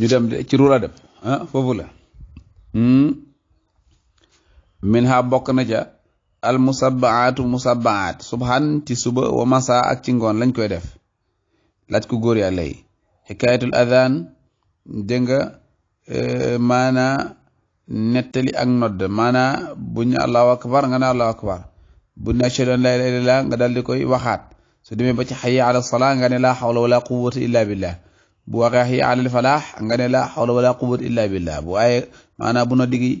ñu dem ci ruur ah, foofu la hmm? min ha bokk na ca al musabbaatu musabbaat subhan ci suba wa masa ak ci ngoon lañ koy def laaj ko góor yàlla yi xikaayatul adaan dégg nga eh, maana nettali ak nodd maana bu ñu allahu akbar nga ne allahu akbar bu ñu ashhadu an laa ilaaha nga daal di koy waxaat su demee ba ci hayya ala salaa nga ne laa hawla wala quwwata illa billah bu waqaaxi alal falaax nga ne la xawla wala quwwata illa billah bu waaye maanaam bu na digi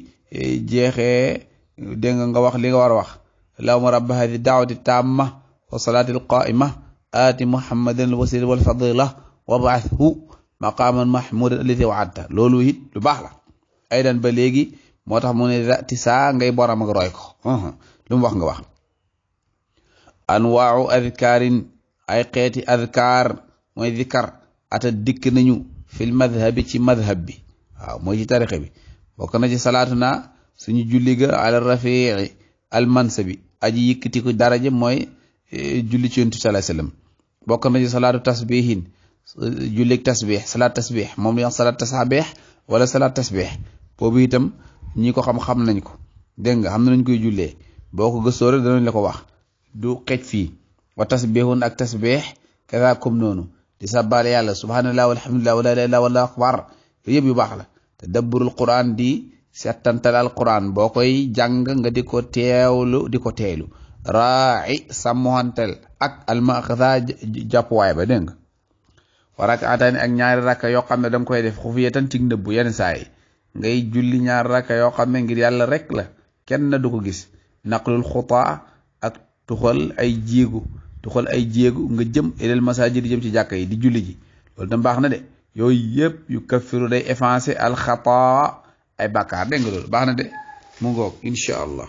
jeexee dégg nga wax li nga war a wax allahuma rabba hadi daawati taamma wa salaati alqaa'ima aati muhammadan alwasila walfadila wabaathu maqaaman mahmudan allati waadta loolu it lu baax la ay daan ba léegi moo tax mu ne ti saa ngay boram ak roy ko wax nga wax anwaau adkaarin ay xeeti adkaar mooy dikar ata dikk nañu fil madhabi ci madhab bi waaw mooy ci tarixe bi bokk na ci salaatu naa suñu julli ga ala rafii al mansabi aji yëkkati ko daraja mooy e, julli ci yontu sallallahu alayhi wasallam bokk na ci salaatu tasbihin jullig tasbih salaat tasbih moom la ñuy salaat tasabih wala salaat tasbih boobu itam ñi ko xam-xam nañ ko dégg nga na nañ koy jullee boo ko gëstoo rek danañ la ko wax du xej fii wa tasbihun ak tasbih kaza comme noonu di sàbbaale yàlla subhanallah walhamdulillah wala ilaha illa wallahu akbar yooyu yëpp yu baax la te dabburul quran di settantal al quran boo koy jàng nga di ko teewlu di ko teelu raai ak almaxasa jàppuwaay ba dégg nga wa rakaataani ak ñaari rakka yoo xam ne danga koy def xufiyatan ci nëbbu yenn saa yi ngay julli ñaar rakka yoo xam ne ngir yàlla rek la kenn du ko gis naqlul xutaa ak tuxal ay jiigu di xool ay jéegu nga jëm ilal masaajid di jëm ci jàkka yi di julli ji loolu baax na de yooyu yëpp yu kafiru day effacer alxataa ay bàkkaar dégg nga loolu baax na de mu ngoog incha allah